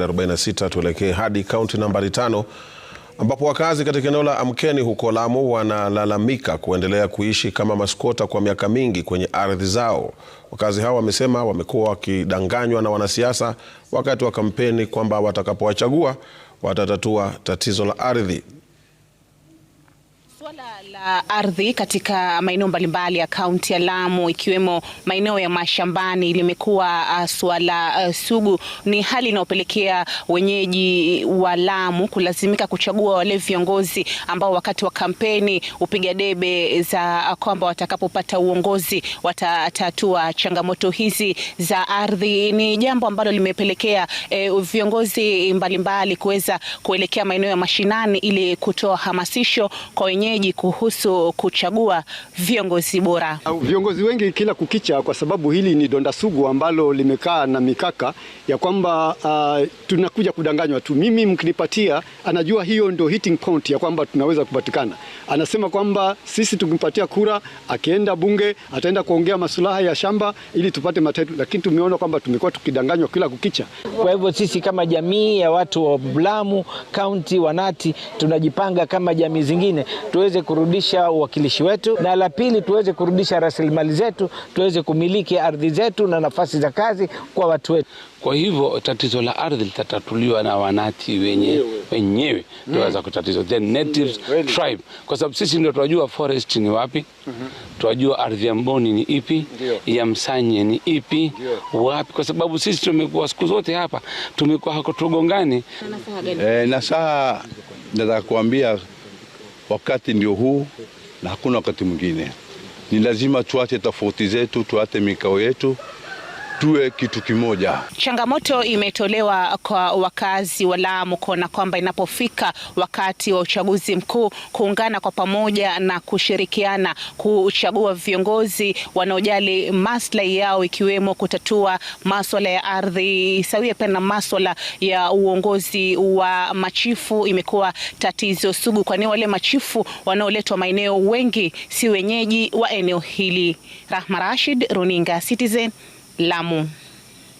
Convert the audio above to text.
nambari 46 tuelekee hadi kaunti nambari tano ambapo wakazi katika eneo la Amkeni huko Lamu wanalalamika kuendelea kuishi kama maskota kwa miaka mingi kwenye ardhi zao. Wakazi hao wamesema wamekuwa wakidanganywa na wanasiasa wakati wa kampeni kwamba watakapowachagua watatatua tatizo la ardhi. Swala la ardhi katika maeneo mbalimbali ya kaunti ya Lamu ikiwemo maeneo ya mashambani limekuwa uh, swala uh, sugu. Ni hali inayopelekea wenyeji wa Lamu kulazimika kuchagua wale viongozi ambao wakati wa kampeni upiga debe za kwamba watakapopata uongozi watatatua changamoto hizi za ardhi. Ni jambo ambalo limepelekea eh, viongozi mbalimbali kuweza kuelekea maeneo ya mashinani ili kutoa hamasisho kwa wenyeji wenyeji kuhusu kuchagua viongozi bora. Viongozi wengi kila kukicha, kwa sababu hili ni donda sugu ambalo limekaa na mikaka ya kwamba uh, tunakuja kudanganywa tu. Mimi mkinipatia, anajua hiyo ndio hitting point ya kwamba tunaweza kupatikana. Anasema kwamba sisi tukimpatia kura, akienda bunge ataenda kuongea masuala ya shamba ili tupate matatizo, lakini tumeona kwamba tumekuwa tukidanganywa kila kukicha. Kwa hivyo sisi kama jamii ya watu wa Lamu County, Wanati tunajipanga kama jamii zingine tuweze tuweze kurudisha uwakilishi wetu, na la pili tuweze kurudisha rasilimali zetu, tuweze kumiliki ardhi zetu na nafasi za kazi kwa watu wetu. Kwa hivyo tatizo la ardhi litatatuliwa na wanati wenye wenyewe, tuweza mm. kutatizo the native mm, tribe, kwa sababu sisi ndio tunajua forest ni wapi, mm-hmm. tunajua ardhi ya Mboni ni ipi, ya Msanye ni ipi, wapi, kwa sababu sisi tumekuwa siku zote hapa tumekuwa tugongani. Eh, nasaha nataka kuambia wakati ndio huu na hakuna wakati mwingine. Ni lazima tuache tofauti zetu, tuache mikao yetu tuwe kitu kimoja. Changamoto imetolewa kwa wakazi wa Lamu kuona kwamba inapofika wakati wa uchaguzi mkuu kuungana kwa pamoja na kushirikiana kuchagua viongozi wanaojali maslahi yao ikiwemo kutatua maswala ya ardhi sawia pia na maswala ya uongozi wa machifu imekuwa tatizo sugu, kwani wale machifu wanaoletwa maeneo wengi si wenyeji wa eneo hili. Rahma Rashid, Runinga Citizen. Lamo.